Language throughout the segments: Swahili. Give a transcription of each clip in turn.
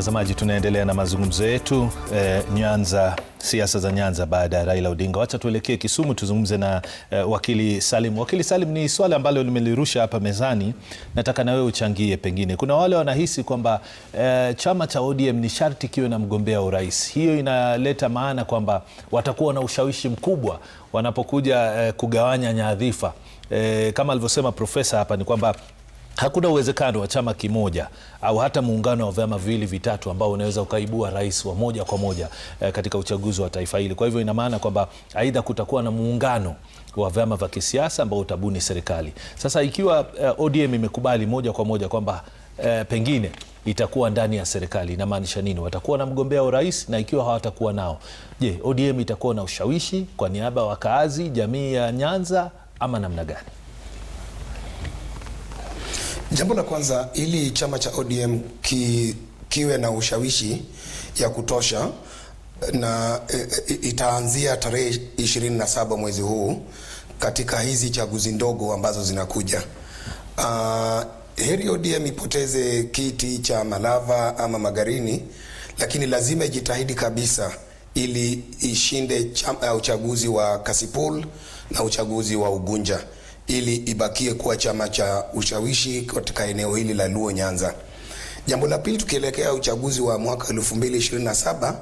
Mtazamaji, tunaendelea na mazungumzo yetu e, Nyanza, siasa za Nyanza baada ya Raila Odinga. Wacha tuelekee Kisumu tuzungumze na e, wakili Salim. Wakili Salim, ni swala ambalo limelirusha hapa mezani, nataka na wewe uchangie. Pengine kuna wale wanahisi kwamba e, chama cha ODM ni sharti kiwe na mgombea urais. Hiyo inaleta maana kwamba watakuwa na ushawishi mkubwa wanapokuja e, kugawanya nyadhifa. E, kama alivyosema profesa hapa ni kwamba Hakuna uwezekano wa chama kimoja au hata muungano wa vyama viwili vitatu ambao unaweza ukaibua rais wa moja kwa moja eh, katika uchaguzi wa taifa hili. Kwa hivyo ina maana kwamba aidha kutakuwa na muungano wa vyama vya kisiasa ambao utabuni serikali. Sasa ikiwa eh, ODM imekubali moja kwa moja kwamba eh, pengine itakuwa ndani ya serikali, inamaanisha nini? Watakuwa na mgombea urais, na ikiwa hawatakuwa nao, je, ODM itakuwa na ushawishi kwa niaba ya wakaazi, jamii ya Nyanza ama namna gani? Jambo la kwanza, ili chama cha ODM ki, kiwe na ushawishi ya kutosha na e, e itaanzia tarehe 27 mwezi huu katika hizi chaguzi ndogo ambazo zinakuja. Uh, heri ODM ipoteze kiti cha Malava ama Magarini, lakini lazima ijitahidi kabisa ili ishinde chama, uh, uchaguzi wa Kasipul na uchaguzi wa Ugunja ili ibakie kuwa chama cha ushawishi katika eneo hili la Luo Nyanza. Jambo la pili, tukielekea uchaguzi wa mwaka 2027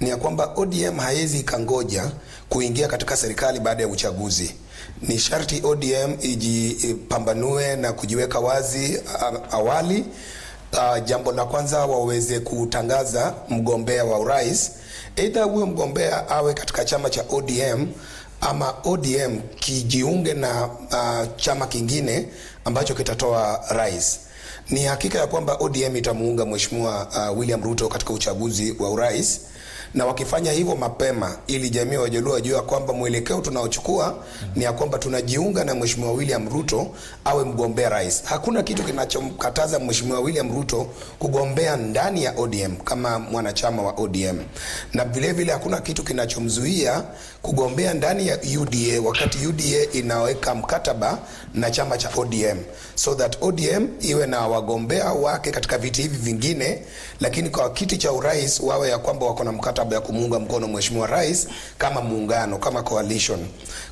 ni ya kwamba ODM haiwezi ikangoja kuingia katika serikali baada ya uchaguzi. Ni sharti ODM ijipambanue na kujiweka wazi awali. Uh, jambo la kwanza waweze kutangaza mgombea wa urais, aidha huyo mgombea awe katika chama cha ODM ama ODM kijiunge na uh, chama kingine ambacho kitatoa rais. Ni hakika ya kwamba ODM itamuunga mheshimiwa uh, William Ruto katika uchaguzi wa urais na wakifanya hivyo mapema, ili jamii Wajaluo wajue ya kwamba mwelekeo tunaochukua mm -hmm. ni ya kwamba tunajiunga na Mheshimiwa William Ruto awe mgombea rais. Hakuna kitu kinachomkataza Mheshimiwa William Ruto kugombea ndani ya ODM kama mwanachama wa ODM, na vile vile hakuna kitu kinachomzuia kugombea ndani ya UDA wakati UDA inaweka mkataba na chama cha ODM so that ODM iwe na wagombea wake katika viti hivi vingine, lakini kwa kiti cha urais wawe ya kwamba wako na mkataba mkataba ya kumuunga mkono mheshimiwa rais kama muungano, kama coalition.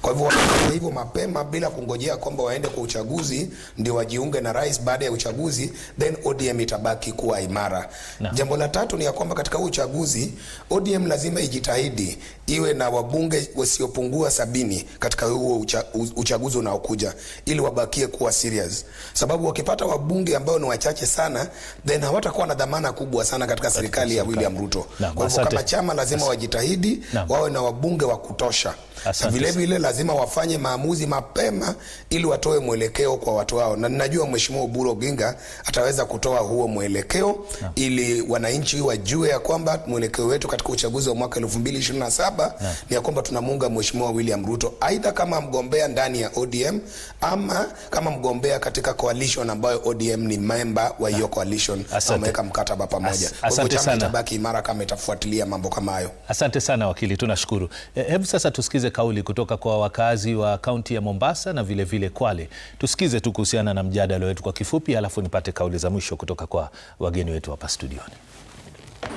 Kwa hivyo wafanye hivyo mapema bila kungojea kwamba waende kwa uchaguzi ndio wajiunge na rais baada ya uchaguzi, then ODM itabaki kuwa imara. Jambo la tatu ni ya kwamba katika uchaguzi ODM lazima ijitahidi iwe na wabunge wasiopungua sabini katika huo ucha, uchaguzi unaokuja ili wabakie kuwa serious, sababu wakipata wabunge ambao ni wachache sana then hawatakuwa na dhamana kubwa sana katika serikali ya William Ruto. Kwa hivyo kama chama lazima wajitahidi wawe na wabunge wa kutosha. Vile vile lazima wafanye maamuzi mapema ili watoe mwelekeo kwa watu wao, na ninajua Mheshimiwa Oburu Oginga ataweza kutoa huo mwelekeo yeah. ili wananchi wajue ya kwamba mwelekeo wetu katika uchaguzi wa mwaka 2027 yeah. ni ya kwamba tunamuunga Mheshimiwa William Ruto aidha kama mgombea ndani ya ODM ama kama mgombea katika coalition ambayo ODM ni member wa hiyo coalition ameweka mkataba pamoja. Kwa hivyo chama itabaki imara kama itafuatilia mambo kama hayo. Asante sana wakili, tunashukuru. E, hebu sasa tusikize tusikilize kauli kutoka kwa wakazi wa kaunti ya Mombasa na vilevile vile Kwale. Tusikize tu kuhusiana na mjadala wetu kwa kifupi, halafu nipate kauli za mwisho kutoka kwa wageni wetu hapa studioni.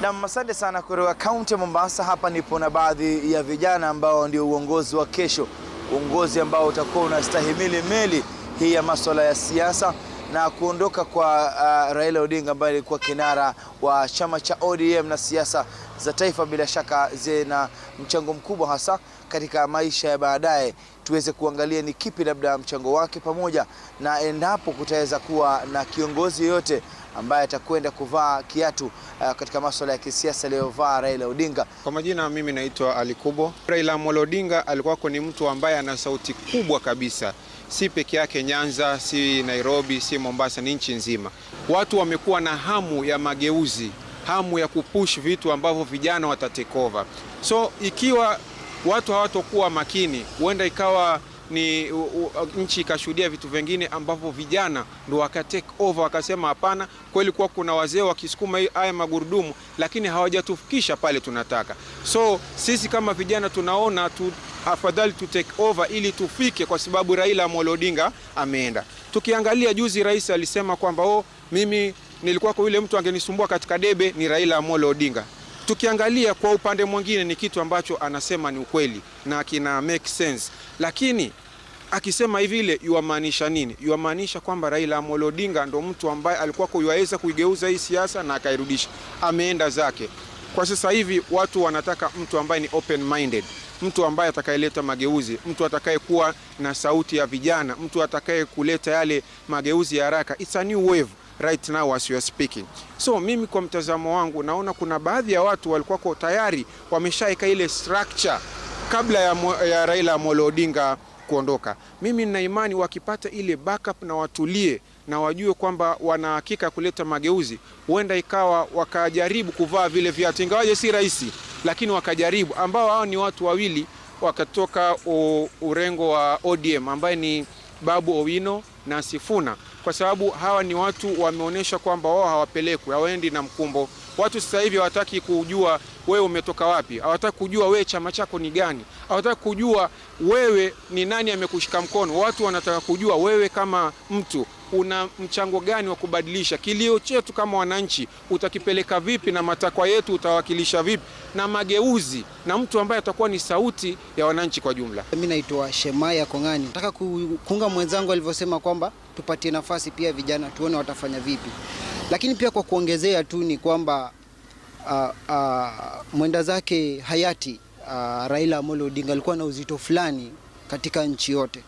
Nam, asante sana kutoka kaunti ya Mombasa. Hapa nipo na baadhi ya vijana ambao ndio uongozi wa kesho, uongozi ambao utakuwa unastahimili meli hii ya masuala ya siasa na kuondoka kwa uh, Raila Odinga ambaye alikuwa kinara wa chama cha ODM na siasa za taifa bila shaka zina mchango mkubwa hasa katika maisha ya baadaye. Tuweze kuangalia ni kipi labda mchango wake, pamoja na endapo kutaweza kuwa na kiongozi yoyote ambaye atakwenda kuvaa kiatu uh, katika masuala ya kisiasa aliyovaa Raila Odinga. Kwa majina, mimi naitwa Ali Kubo. Raila Amolo Odinga alikuwa ni mtu ambaye ana sauti kubwa kabisa si peke yake Nyanza, si Nairobi, si Mombasa, ni nchi nzima. Watu wamekuwa na hamu ya mageuzi, hamu ya kupush vitu ambavyo vijana watatekova. So ikiwa watu hawatokuwa makini, huenda ikawa ni u, u, nchi ikashuhudia vitu vingine ambavyo vijana ndo waka take over, wakasema hapana, kweli kuwa kuna wazee wakisukuma haya magurudumu, lakini hawajatufikisha pale tunataka. So sisi kama vijana tunaona tu, afadhali to take over ili tufike, kwa sababu Raila Amolo Odinga ameenda. Tukiangalia juzi, rais alisema kwamba oh, mimi nilikuwa kwa yule mtu angenisumbua katika debe ni Raila Amolo Odinga. Tukiangalia kwa upande mwingine, ni kitu ambacho anasema ni ukweli na kina make sense, lakini akisema hivi ile yuamaanisha nini? Yuamaanisha kwamba Raila Amolo Odinga ndo mtu ambaye alikuwa yuaweza kuigeuza hii siasa na akairudisha. Ameenda zake. Kwa sasa hivi watu wanataka mtu ambaye ni open minded mtu ambaye atakayeleta mageuzi, mtu atakayekuwa na sauti ya vijana, mtu atakaye kuleta yale mageuzi ya haraka. It's a new wave right now as you are speaking. So mimi kwa mtazamo wangu naona kuna baadhi ya watu walikuwa kwa tayari wameshaika ile structure kabla ya, ya Raila Amolo Odinga kuondoka. Mimi nina imani wakipata ile backup na watulie na wajue kwamba wana hakika kuleta mageuzi, huenda ikawa wakajaribu kuvaa vile viatu, ingawaje si rahisi lakini wakajaribu, ambao hao ni watu wawili wakatoka u, urengo wa ODM ambaye ni Babu Owino na Sifuna, kwa sababu hawa ni watu wameonyesha kwamba wao hawapelekwi, hawaendi na mkumbo. Watu sasa hivi hawataki kujua wewe umetoka wapi, hawataki kujua wewe chama chako ni gani, hawataki kujua wewe ni nani amekushika mkono. Watu wanataka kujua wewe kama mtu una mchango gani wa kubadilisha? Kilio chetu kama wananchi utakipeleka vipi, na matakwa yetu utawakilisha vipi, na mageuzi, na mtu ambaye atakuwa ni sauti ya wananchi kwa jumla. Mimi naitwa Shemaya Kongani, nataka kuunga mwenzangu alivyosema kwamba tupatie nafasi pia vijana, tuone watafanya vipi, lakini pia kwa kuongezea tu ni kwamba uh, uh, mwenda zake hayati uh, Raila Amolo Odinga alikuwa na uzito fulani katika nchi yote.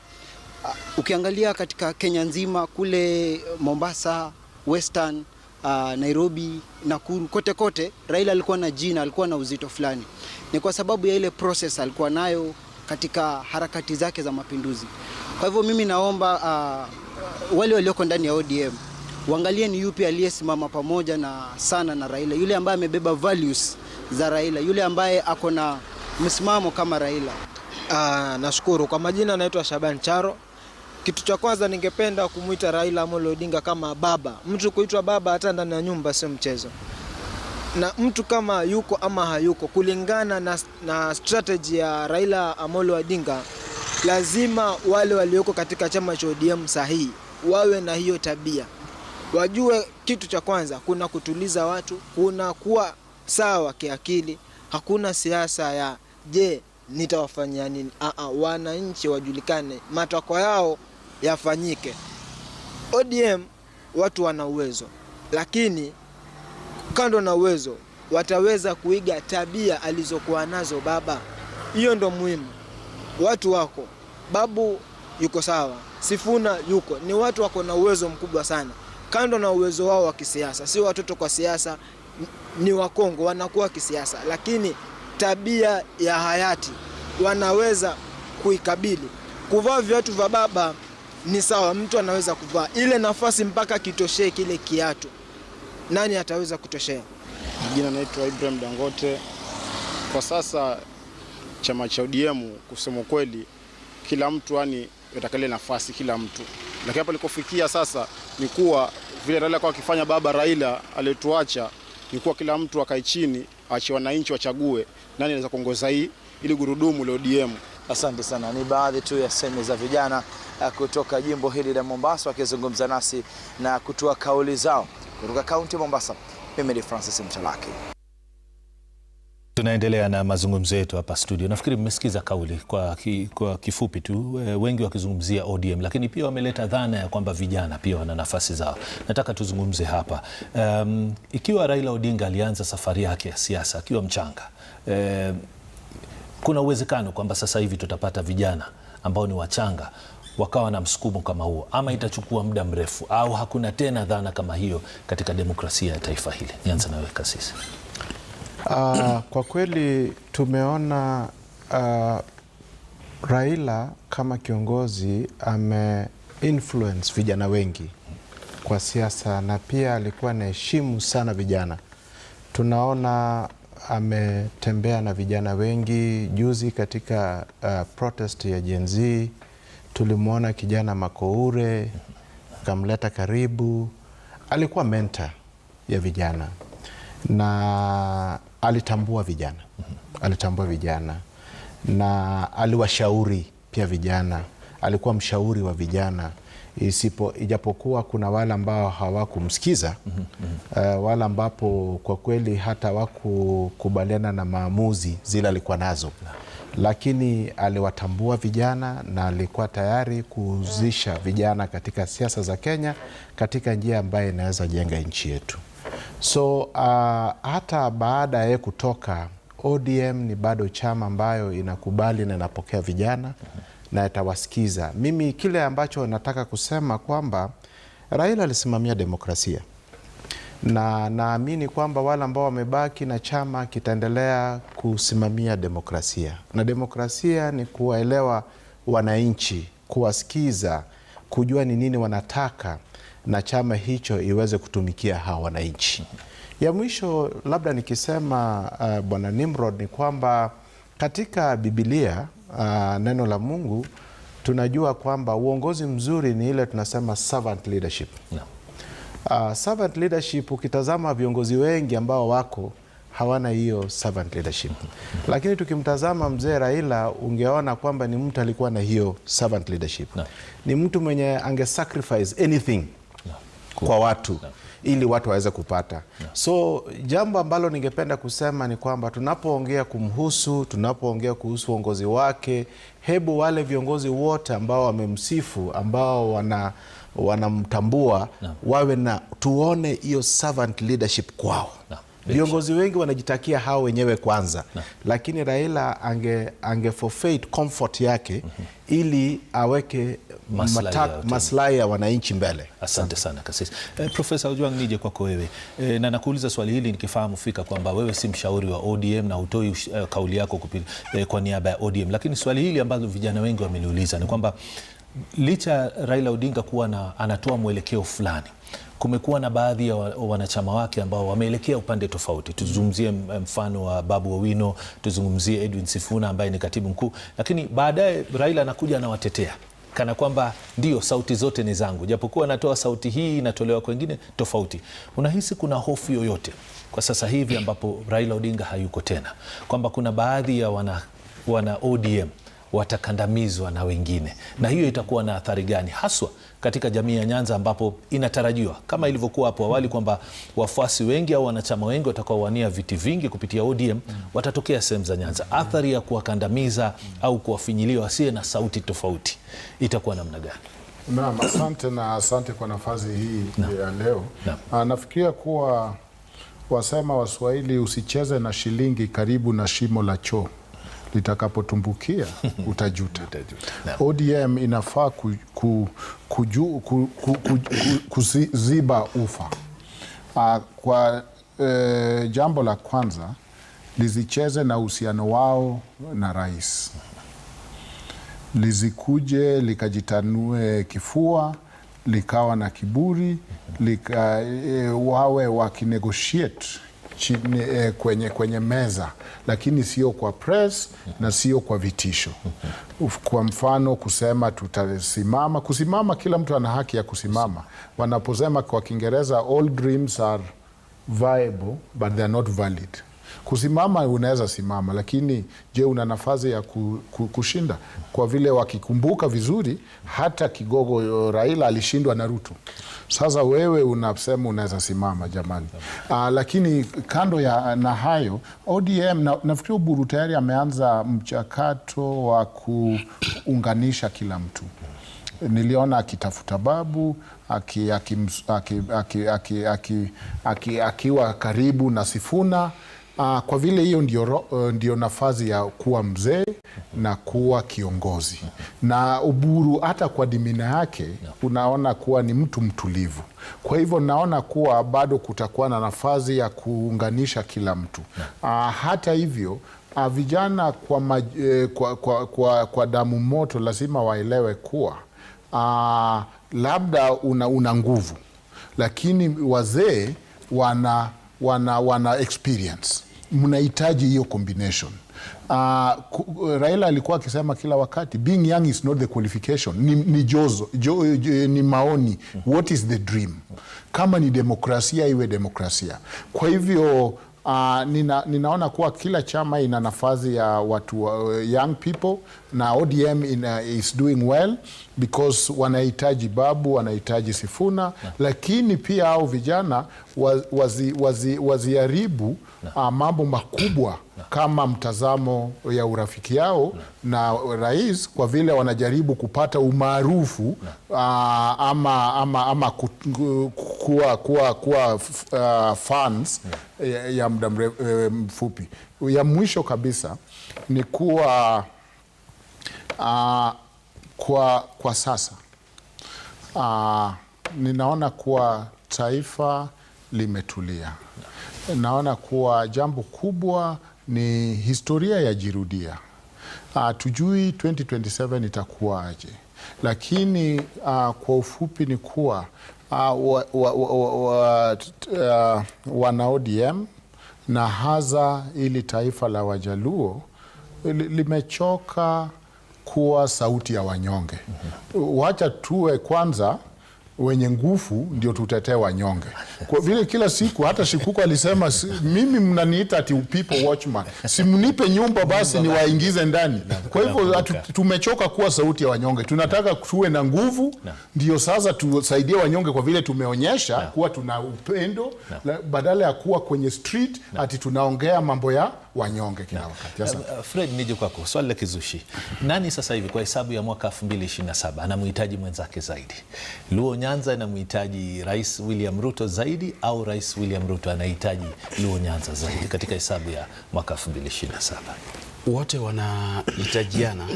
Uh, ukiangalia katika Kenya nzima kule uh, Mombasa, Western, uh, Nairobi, Nakuru, kote kote Raila alikuwa na jina, alikuwa na uzito fulani. Ni kwa sababu ya ile process alikuwa nayo katika harakati zake za mapinduzi. Kwa hivyo mimi naomba uh, uh wale walioko ndani ya ODM waangalie ni yupi aliyesimama pamoja na sana na Raila, yule ambaye amebeba values za Raila, yule ambaye ako na msimamo kama Raila. Uh, nashukuru kwa majina, naitwa Shaban Charo. Kitu cha kwanza ningependa kumwita Raila Amolo Odinga kama baba. Mtu kuitwa baba hata ndani ya nyumba sio mchezo, na mtu kama yuko ama hayuko, kulingana na, na strategy ya Raila Amolo Odinga, lazima wale walioko katika chama cha ODM sahihi wawe na hiyo tabia, wajue kitu cha kwanza, kuna kutuliza watu, kuna kuwa sawa kiakili, hakuna siasa ya je nitawafanyia nini. Aa, wananchi wajulikane matakwa yao yafanyike. ODM watu wana uwezo, lakini kando na uwezo wataweza kuiga tabia alizokuwa nazo baba. Hiyo ndo muhimu. Watu wako babu yuko sawa, Sifuna yuko ni watu wako na uwezo mkubwa sana, kando na uwezo wao wa kisiasa. Si watoto kwa siasa, ni Wakongo wanakuwa kisiasa, lakini tabia ya hayati wanaweza kuikabili. Kuvaa viatu vya baba ni sawa, mtu anaweza kuvaa ile nafasi mpaka kitoshee kile kiatu. Nani ataweza kutoshea? Jina naitwa Ibrahim Dangote. Kwa sasa chama cha ODM kusema kweli, kila mtu yani atakale nafasi kila mtu, lakini hapa likofikia sasa ni kuwa vile Raila kwa akifanya baba Raila aliyetuacha ni kuwa kila mtu akae chini, aache wananchi wachague nani anaweza kuongoza hii ili gurudumu la ODM Asante sana. Ni baadhi tu ya semi za vijana eh, kutoka jimbo hili la Mombasa wakizungumza nasi na kutoa kauli zao kutoka kaunti ya Mombasa. Mimi ni Francis Mtalaki. Tunaendelea na mazungumzo yetu hapa studio. Nafikiri mmesikiza kauli kwa, ki, kwa kifupi tu, eh, wengi wakizungumzia ODM, lakini pia wameleta dhana ya kwamba vijana pia wana nafasi zao. Nataka tuzungumze hapa um, ikiwa Raila Odinga alianza safari yake ya siasa akiwa mchanga um, kuna uwezekano kwamba sasa hivi tutapata vijana ambao ni wachanga wakawa na msukumo kama huo, ama itachukua muda mrefu, au hakuna tena dhana kama hiyo katika demokrasia ya taifa hili? Nianza nawe Kasisi. Uh, kwa kweli tumeona uh, Raila kama kiongozi ame influence vijana wengi kwa siasa na pia alikuwa anaheshimu sana vijana. Tunaona ametembea na vijana wengi. Juzi katika uh, protest ya Gen Z tulimwona kijana Makoure, kamleta karibu. Alikuwa mentor ya vijana na alitambua vijana, mm-hmm. alitambua vijana na aliwashauri pia vijana, alikuwa mshauri wa vijana isipo ijapokuwa kuna wale ambao hawakumsikiza mm -hmm. uh, wale ambapo kwa kweli hata wakukubaliana na maamuzi zile alikuwa nazo Lakini aliwatambua vijana na alikuwa tayari kuuzisha vijana katika siasa za Kenya katika njia ambayo inaweza jenga nchi yetu. So uh, hata baada ya kutoka ODM, ni bado chama ambayo inakubali na inapokea vijana mm -hmm na yatawasikiza. Mimi kile ambacho nataka kusema kwamba Raila alisimamia demokrasia na naamini kwamba wale ambao wamebaki na chama kitaendelea kusimamia demokrasia, na demokrasia ni kuwaelewa wananchi, kuwasikiza, kujua ni nini wanataka, na chama hicho iweze kutumikia hawa wananchi. Ya mwisho labda nikisema, uh, Bwana Nimrod, ni kwamba katika Biblia uh, neno la Mungu tunajua kwamba uongozi mzuri ni ile tunasema servant leadership. Yeah. Uh, servant leadership ukitazama viongozi wengi ambao wako hawana hiyo servant leadership. Mm-hmm. Lakini tukimtazama mzee Raila ungeona kwamba ni mtu alikuwa na hiyo servant leadership. No. Ni mtu mwenye ange sacrifice anything no. Cool. Kwa watu no ili watu waweze kupata yeah. So jambo ambalo ningependa kusema ni kwamba tunapoongea kumhusu, tunapoongea kuhusu uongozi wake, hebu wale viongozi wote ambao wamemsifu, ambao wana wanamtambua no. wawe na tuone hiyo servant leadership kwao no. Viongozi wengi wanajitakia hao wenyewe kwanza no. Lakini Raila ange, ange forfeit comfort yake mm -hmm. ili aweke maslahi ya wananchi mbele. Asante sana kasisi. Eh, Profesa Ojwang, nije kwako wewe eh, na nakuuliza swali hili nikifahamu fika kwamba wewe si mshauri wa ODM na hutoi uh, kauli yako kupi, eh, kwa niaba ya ODM, lakini swali hili ambalo vijana wengi wameliuliza ni kwamba licha Raila Odinga kuwa na, anatoa mwelekeo fulani kumekuwa na baadhi ya wanachama wake ambao wameelekea upande tofauti. Tuzungumzie mfano wa Babu Owino, tuzungumzie Edwin Sifuna ambaye ni katibu mkuu, lakini baadaye Raila anakuja anawatetea kana kwamba ndio sauti zote ni zangu, japokuwa natoa sauti hii inatolewa kwengine tofauti. Unahisi kuna hofu yoyote kwa sasa hivi ambapo Raila Odinga hayuko tena, kwamba kuna baadhi ya wana, wana ODM watakandamizwa na wengine, na hiyo itakuwa na athari gani haswa katika jamii ya Nyanza ambapo inatarajiwa kama ilivyokuwa hapo awali kwamba wafuasi wengi au wanachama wengi watakaowania viti vingi kupitia ODM watatokea sehemu za Nyanza. Athari ya kuwakandamiza au kuwafinyilia wasiwe na sauti tofauti itakuwa namna gani? Naam, asante na asante kwa nafasi hii ya leo na. Ah, nafikiria kuwa wasema Waswahili usicheze na shilingi karibu na shimo la choo litakapotumbukia utajuta. ODM inafaa ku, ku, ku, ku, ku, ku, kuziba ufa ah, kwa uh, jambo la kwanza lizicheze na uhusiano wao na rais, lizikuje likajitanue kifua likawa na kiburi lika, e, wawe wakinegotiate chini, eh, kwenye, kwenye meza, lakini sio kwa press na sio kwa vitisho. Kwa mfano kusema tutasimama, kusimama, kila mtu ana haki ya kusimama. Wanaposema kwa Kiingereza all dreams are viable but they are not valid Kusimama unaweza simama, lakini je, una nafasi ya ku, ku, kushinda? Kwa vile wakikumbuka vizuri, hata kigogo eh, Raila alishindwa na Ruto. Sasa wewe unasema unaweza simama jamani. Aa, ah, lakini kando ya na hayo ODM na, nafikiri Uburu tayari ameanza mchakato wa kuunganisha kila mtu niliona akitafuta babu akiwa karibu na Sifuna. Uh, kwa vile hiyo ndio, uh, ndio nafasi ya kuwa mzee na kuwa kiongozi na Uburu hata kwa dimina yake unaona kuwa ni mtu mtulivu. Kwa hivyo naona kuwa bado kutakuwa na nafasi ya kuunganisha kila mtu. Uh, hata hivyo uh, vijana kwa, maj, uh, eh, kwa, kwa, kwa, kwa damu moto lazima waelewe kuwa uh, labda una, una nguvu lakini wazee wana wana, wana experience. Mnahitaji hiyo combination. Uh, Raila alikuwa akisema kila wakati being young is not the qualification, ni, ni jozo jo, jo, ni maoni. What is the dream? Kama ni demokrasia iwe demokrasia. Kwa hivyo Uh, nina, ninaona kuwa kila chama ina nafasi ya watu uh, young people na ODM ina, uh, is doing well because wanahitaji Babu, wanahitaji Sifuna na, lakini pia hao vijana waziharibu wazi, wazi uh, mambo makubwa na, kama mtazamo ya urafiki yao na, na rais kwa vile wanajaribu kupata umaarufu uh, ama, ama, ama kuwa, kuwa, kuwa uh, fans na, ya, ya muda eh, mfupi. Ya mwisho kabisa ni kuwa Uh, kwa, kwa sasa uh, ninaona kuwa taifa limetulia. Naona kuwa jambo kubwa ni historia yajirudia. Uh, ah, tujui 2027 itakuwaje, lakini uh, kwa ufupi ni kuwa aa, wa, wa, wa, wa, uh, wana ODM na hasa ili taifa la Wajaluo limechoka kuwa sauti ya wanyonge. Wacha tuwe kwanza wenye nguvu ndio tutetee wanyonge. Kwa vile kila siku hata Shikuko alisema si, mimi mnaniita ati people watchman, simnipe nyumba basi niwaingize ndani. Kwa hivyo tumechoka kuwa sauti ya wanyonge, tunataka tuwe na nguvu, ndio sasa tusaidie wanyonge, kwa vile tumeonyesha kuwa tuna upendo badala ya kuwa kwenye street ati tunaongea mambo ya wanyonge kila wakati. Eh, eh, Fred, nije kwako swali la kizushi. Nani sasa hivi kwa hesabu ya mwaka 2027 anamhitaji mwenzake zaidi? Luo Nyanza anamhitaji Rais William Ruto zaidi au Rais William Ruto anahitaji Luo Nyanza zaidi katika hesabu ya mwaka 2027? Wote wanahitajiana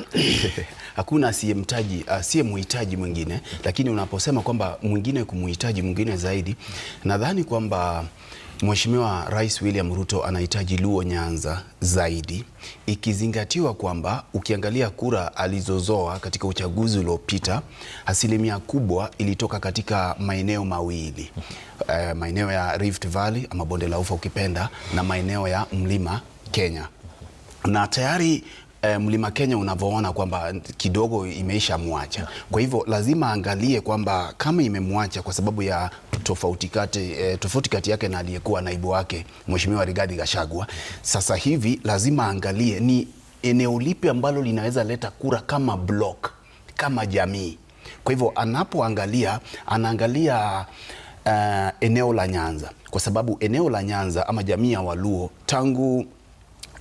hakuna asiyemtaji asiyemhitaji mwingine, lakini unaposema kwamba mwingine kumhitaji mwingine zaidi, nadhani kwamba Mheshimiwa Rais William Ruto anahitaji Luo Nyanza zaidi ikizingatiwa kwamba ukiangalia kura alizozoa katika uchaguzi uliopita asilimia kubwa ilitoka katika maeneo mawili e, maeneo ya Rift Valley ama bonde la ufa ukipenda na maeneo ya mlima Kenya na tayari eh, Mlima Kenya unavyoona kwamba kidogo imeisha mwacha. Kwa hivyo lazima angalie kwamba kama imemwacha kwa sababu ya tofauti kati eh, tofauti kati yake na aliyekuwa naibu wake Mheshimiwa Rigathi Gachagua, sasa hivi lazima angalie ni eneo lipi ambalo linaweza leta kura kama block, kama jamii. Kwa hivyo anapoangalia anaangalia uh, eneo la Nyanza kwa sababu eneo la Nyanza ama jamii ya Waluo tangu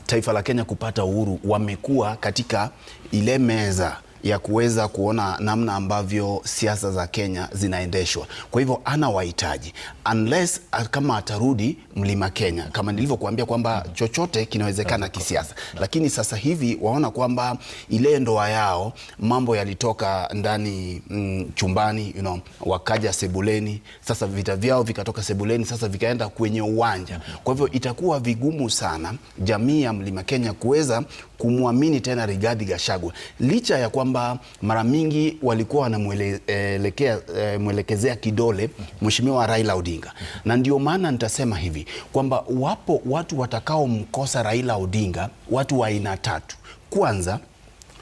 taifa la Kenya kupata uhuru wamekuwa katika ile meza ya kuweza kuona namna ambavyo siasa za Kenya zinaendeshwa. Kwa hivyo ana wahitaji unless ah, kama atarudi Mlima Kenya, kama nilivyokuambia kwamba chochote kinawezekana kisiasa, lakini sasa hivi waona kwamba ile ndoa yao mambo yalitoka ndani mm, chumbani you know, wakaja sebuleni, sasa vita vyao vikatoka sebuleni, sasa vikaenda kwenye uwanja. Kwa hivyo itakuwa vigumu sana jamii ya Mlima Kenya kuweza kumwamini tena Rigathi Gachagua licha ya kwamba kwamba mara mingi walikuwa wanamwelekezea eh, mwelekezea kidole Mheshimiwa Raila Odinga, na ndio maana nitasema hivi kwamba wapo watu watakaomkosa Raila Odinga, watu wa aina tatu. Kwanza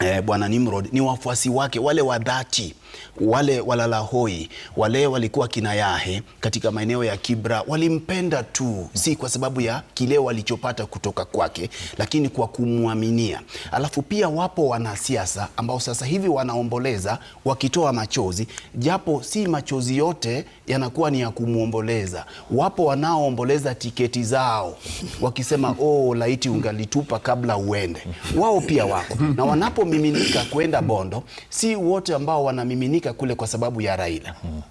eh, Bwana Nimrod ni wafuasi wake wale wa dhati wale walalahoi wale walikuwa kina Yahe katika maeneo ya Kibra walimpenda tu, si kwa sababu ya kile walichopata kutoka kwake, lakini kwa kumwaminia. Alafu pia wapo wanasiasa ambao sasa hivi wanaomboleza wakitoa machozi, japo si machozi yote yanakuwa ni ya kumwomboleza. Wapo wanaoomboleza tiketi zao wakisema, oh, laiti ungalitupa kabla uende. Wao pia wako na wanapomiminika kwenda Bondo, si wote ambao wanamiminika kuaminika kule kwa sababu ya Raila. Hmm.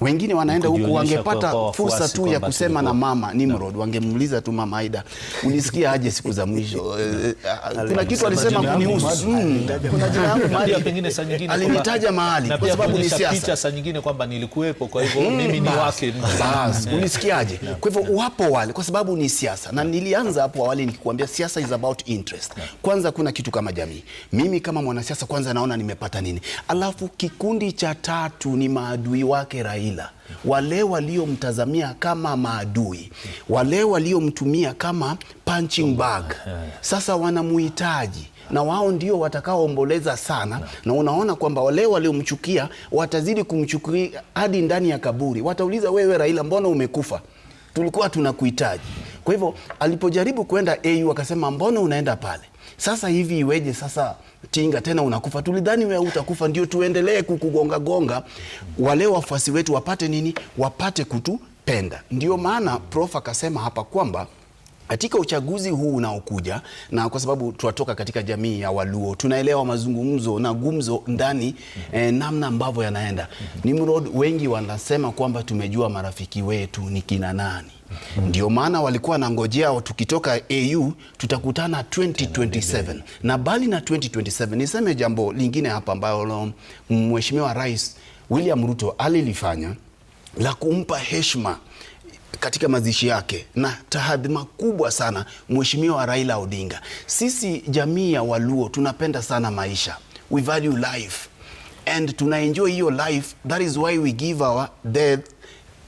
Wengine wanaenda huku wangepata fursa tu ya kusema na mama Nimrod, wangemuuliza tu mama Aida, ulisikia aje siku za mwisho? Eh, eh, ah, kuna kitu alisema kunihusu, hmm. kuna jina yangu mahali, pengine saa nyingine alinitaja mahali, kwa sababu ni siasa, picha saa nyingine kwamba nilikuwepo, kwa hivyo hmm, mimi ni wake. Basi ulisikiaje? Kwa hivyo wapo wale, kwa sababu ni siasa, na nilianza hapo awali nikikwambia siasa is about interest. Kwanza kuna kitu kama jamii, mimi kama mwanasiasa kwanza naona nimepata nini, alafu kikundi cha tatu ni maadui wake Raila, wale waliomtazamia kama maadui, wale waliomtumia kama punching bag, eh. sasa wanamuhitaji na wao ndio watakaoomboleza sana na, na unaona kwamba wale waliomchukia watazidi kumchukia hadi ndani ya kaburi. Watauliza, wewe Raila, mbona umekufa? Tulikuwa tunakuhitaji. Kwa hivyo alipojaribu kwenda AU akasema, mbona unaenda pale? Sasa hivi iweje sasa tinga tena unakufa. Tulidhani wewe utakufa ndio tuendelee kukugonga gonga, wale wafuasi wetu wapate nini? Wapate kutupenda. Ndio maana Prof akasema hapa kwamba katika uchaguzi huu unaokuja, na kwa sababu tuatoka katika jamii ya Waluo, tunaelewa mazungumzo na gumzo ndani mm -hmm. eh, namna ambavyo yanaenda mm -hmm. Nimrod, wengi wanasema kwamba tumejua marafiki wetu ni kina nani. Mm -hmm. Ndio maana walikuwa na ngojea tukitoka AU tutakutana 2027 na bali na 2027, niseme jambo lingine hapa ambalo Mheshimiwa Rais William Ruto alilifanya la kumpa heshima katika mazishi yake na tahadhima kubwa sana Mheshimiwa Raila Odinga. Sisi jamii ya Waluo tunapenda sana maisha, we value life and tunaenjoy hiyo life, that is why we give our death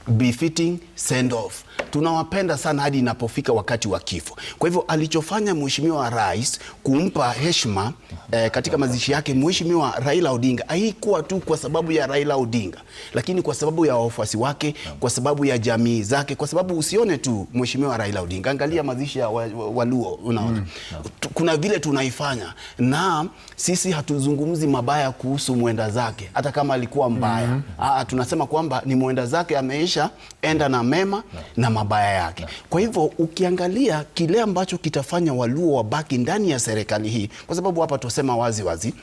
befitting send off tunawapenda sana hadi inapofika wakati wa kifo. Kwa hivyo alichofanya mheshimiwa rais kumpa heshima eh, katika mazishi yake mheshimiwa Raila Odinga haikuwa tu kwa sababu ya Raila Odinga, lakini kwa sababu ya wafuasi wake, kwa sababu ya jamii zake, kwa sababu usione tu mheshimiwa Raila Odinga, angalia mazishi ya Waluo wa, wa unaona mm. kuna vile tunaifanya na sisi hatuzungumzi mabaya kuhusu mwenda zake, hata kama alikuwa mbaya mm -hmm. Aa, ah, tunasema kwamba ni mwenda zake ameisha enda na mema na mabaya yake. Kwa hivyo ukiangalia kile ambacho kitafanya Waluo wabaki ndani ya serikali hii, kwa sababu hapa tusema wazi wazi,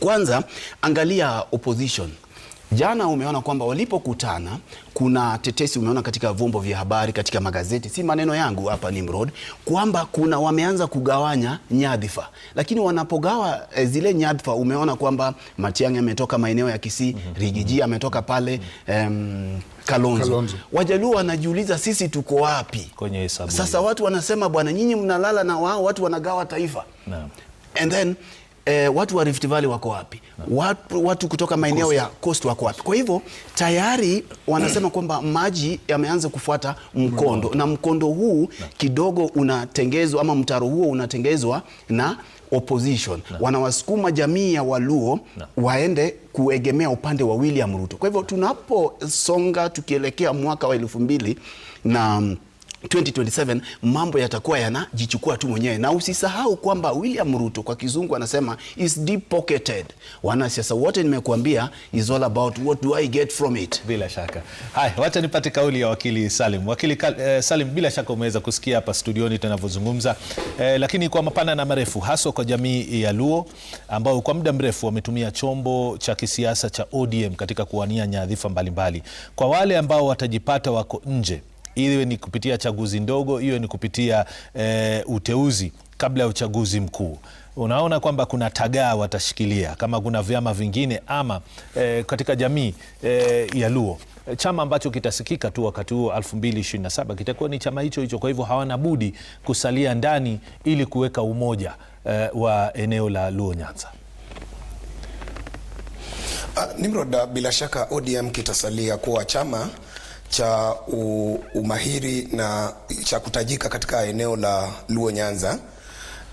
kwanza angalia opposition Jana umeona kwamba walipokutana kuna tetesi, umeona katika vyombo vya habari, katika magazeti, si maneno yangu hapa Nimrod, kwamba kuna wameanza kugawanya nyadhifa, lakini wanapogawa e, zile nyadhifa, umeona kwamba Matiang'i ametoka maeneo ya Kisii mm -hmm. Rigiji ametoka pale mhm. em, Kalonzo, Kalonzo. Wajaluo wanajiuliza sisi tuko wapi kwenye hesabu? Sasa watu wanasema bwana, nyinyi mnalala na wao, watu wanagawa taifa no. and then eh, watu wa Rift Valley wako wapi? Watu, watu kutoka maeneo ya coast wako wapi? Kwa hivyo tayari wanasema kwamba maji yameanza kufuata mkondo na mkondo huu kidogo unatengezwa ama mtaro huo unatengezwa na opposition na, wanawasukuma jamii ya Waluo na, waende kuegemea upande wa William Ruto. Kwa hivyo tunaposonga tukielekea mwaka wa elfu mbili na 2027 mambo yatakuwa yanajichukua tu mwenyewe, na usisahau kwamba William Ruto kwa kizungu anasema is deep pocketed. Wanasiasa wote nimekuambia, is all about what do I get from it. Bila shaka, haya, wacha nipate kauli ya wakili Salim. Wakili eh, Salim, bila shaka umeweza kusikia hapa studioni tunavyozungumza eh, lakini kwa mapana na marefu, haswa kwa jamii ya Luo ambao kwa muda mrefu wametumia chombo cha kisiasa cha ODM katika kuwania nyadhifa mbalimbali, kwa wale ambao watajipata wako nje iwe ni kupitia chaguzi ndogo, iwe ni kupitia e, uteuzi kabla ya uchaguzi mkuu. Unaona kwamba kuna tagaa watashikilia kama kuna vyama vingine ama e, katika jamii e, ya Luo chama ambacho kitasikika tu wakati huo 2027 kitakuwa ni chama hicho hicho. Kwa hivyo hawana budi kusalia ndani ili kuweka umoja e, wa eneo la Luo Nyanza. Ah, Nimrod, bila shaka ODM kitasalia kuwa chama cha umahiri na cha kutajika katika eneo la Luo Nyanza,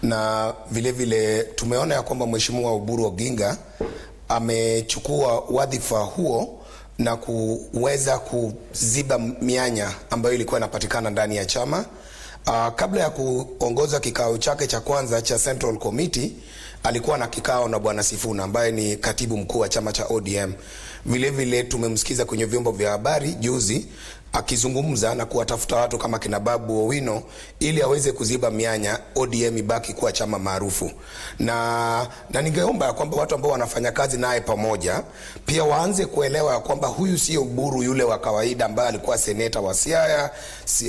na vilevile vile tumeona ya kwamba Mheshimiwa Oburu Oginga amechukua wadhifa huo na kuweza kuziba mianya ambayo ilikuwa inapatikana ndani ya chama. Uh, kabla ya kuongoza kikao chake cha kwanza cha Central Committee alikuwa na kikao na Bwana Sifuna ambaye ni katibu mkuu wa chama cha ODM. Vilevile tumemsikiza kwenye vyombo vya habari juzi akizungumza na kuwatafuta watu kama kina Babu Owino ili aweze kuziba mianya ODM ibaki kuwa chama maarufu, na, na ningeomba ya kwamba watu ambao wanafanya kazi naye pamoja pia waanze kuelewa ya kwamba huyu sio Uburu yule wa kawaida ambaye alikuwa seneta wa Siaya,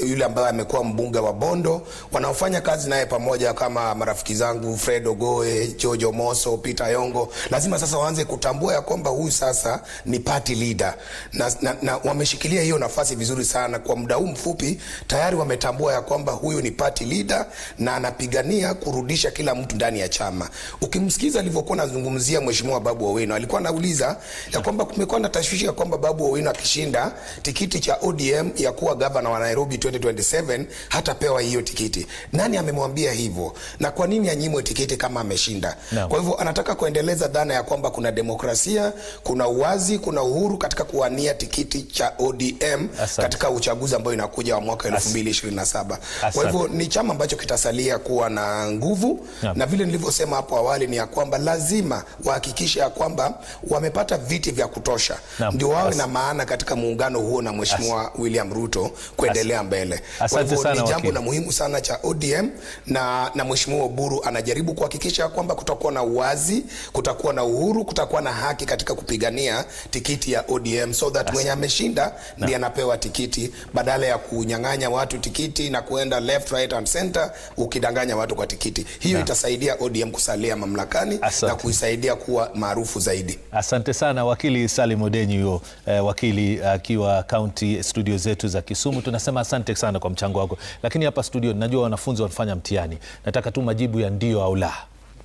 yule ambaye amekuwa mbunge wa Bondo. Wanaofanya kazi naye pamoja kama marafiki zangu Fred Ogoe, Jojo Moso, Peter Yongo, lazima sasa waanze kutambua ya kwamba huyu sasa ni party leader na, na, na wameshikilia hiyo nafasi vizuri vizuri sana kwa muda huu mfupi, tayari wametambua ya kwamba huyu ni party leader na anapigania kurudisha kila mtu ndani ya chama. Ukimsikiza alivyokuwa anazungumzia mheshimiwa Babu Owino, alikuwa anauliza ya kwamba kumekuwa na tashwishi ya kwamba Babu Owino akishinda tikiti cha ODM ya kuwa gavana wa Nairobi 2027 hatapewa hiyo tikiti. Nani amemwambia hivyo na kwa nini anyimwe tikiti kama ameshinda? No. Kwa hivyo anataka kuendeleza dhana ya kwamba kuna demokrasia, kuna uwazi, kuna uhuru katika kuwania tikiti cha ODM katika uchaguzi ambao inakuja wa mwaka 2027. Kwa hivyo ni chama ambacho kitasalia kuwa na nguvu yep. Na vile nilivyosema hapo awali ni ya kwamba lazima wahakikishe ya kwamba wamepata viti vya kutosha yep. Ndio wawe na maana katika muungano huo na Mheshimiwa William Ruto kuendelea mbele. Kwa hivyo ni jambo la muhimu sana cha ODM na, na Mheshimiwa Oburu anajaribu kuhakikisha ya kwamba kutakuwa na uwazi, kutakuwa na uhuru, kutakuwa na haki katika kupigania tikiti ya ODM so that mwenye ameshinda ndiye anapewa tiki tikiti badala ya kunyang'anya watu tikiti na kuenda left right and center ukidanganya watu kwa tikiti hiyo na itasaidia ODM kusalia mamlakani asante, na kuisaidia kuwa maarufu zaidi. Asante sana wakili Salim Odenyi huyo, eh, wakili akiwa uh, county studio zetu za Kisumu. Tunasema asante sana kwa mchango wako, lakini hapa studio najua wanafunzi wanafanya mtihani, nataka tu majibu ya ndio au la,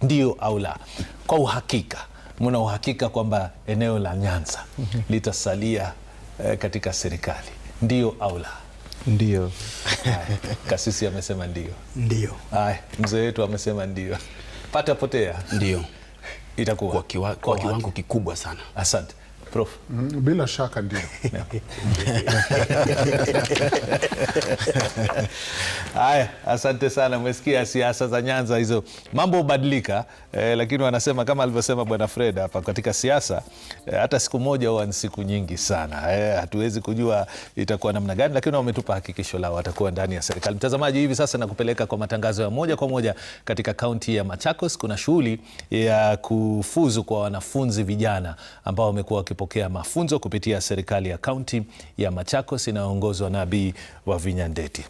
ndio au la, kwa uhakika muna uhakika kwamba eneo la Nyanza mhm. litasalia eh, katika serikali? ndio au la? Ndio. Kasisi amesema ndio. Ndio. Haya, mzee wetu amesema ndio. Pata potea. Ndio. Itakuwa kwa, kwa kiwango kikubwa sana. Asante. Prof. Mm-hmm. Bila shaka ndio. Haya, asante sana. Umesikia siasa za Nyanza hizo, mambo hubadilika eh, lakini wanasema kama alivyosema bwana Fred hapa katika siasa eh, hata siku moja huwa ni siku nyingi sana eh, hatuwezi kujua itakuwa namna gani, lakini wametupa hakikisho lao watakuwa ndani ya serikali. Mtazamaji, hivi sasa nakupeleka kwa matangazo ya moja kwa moja katika kaunti ya Machakos. Kuna shughuli ya kufuzu kwa wanafunzi vijana ambao wamekuwa wakipo wanapokea mafunzo kupitia serikali ya kaunti ya Machakos inayoongozwa na Bi Wavinya Ndeti.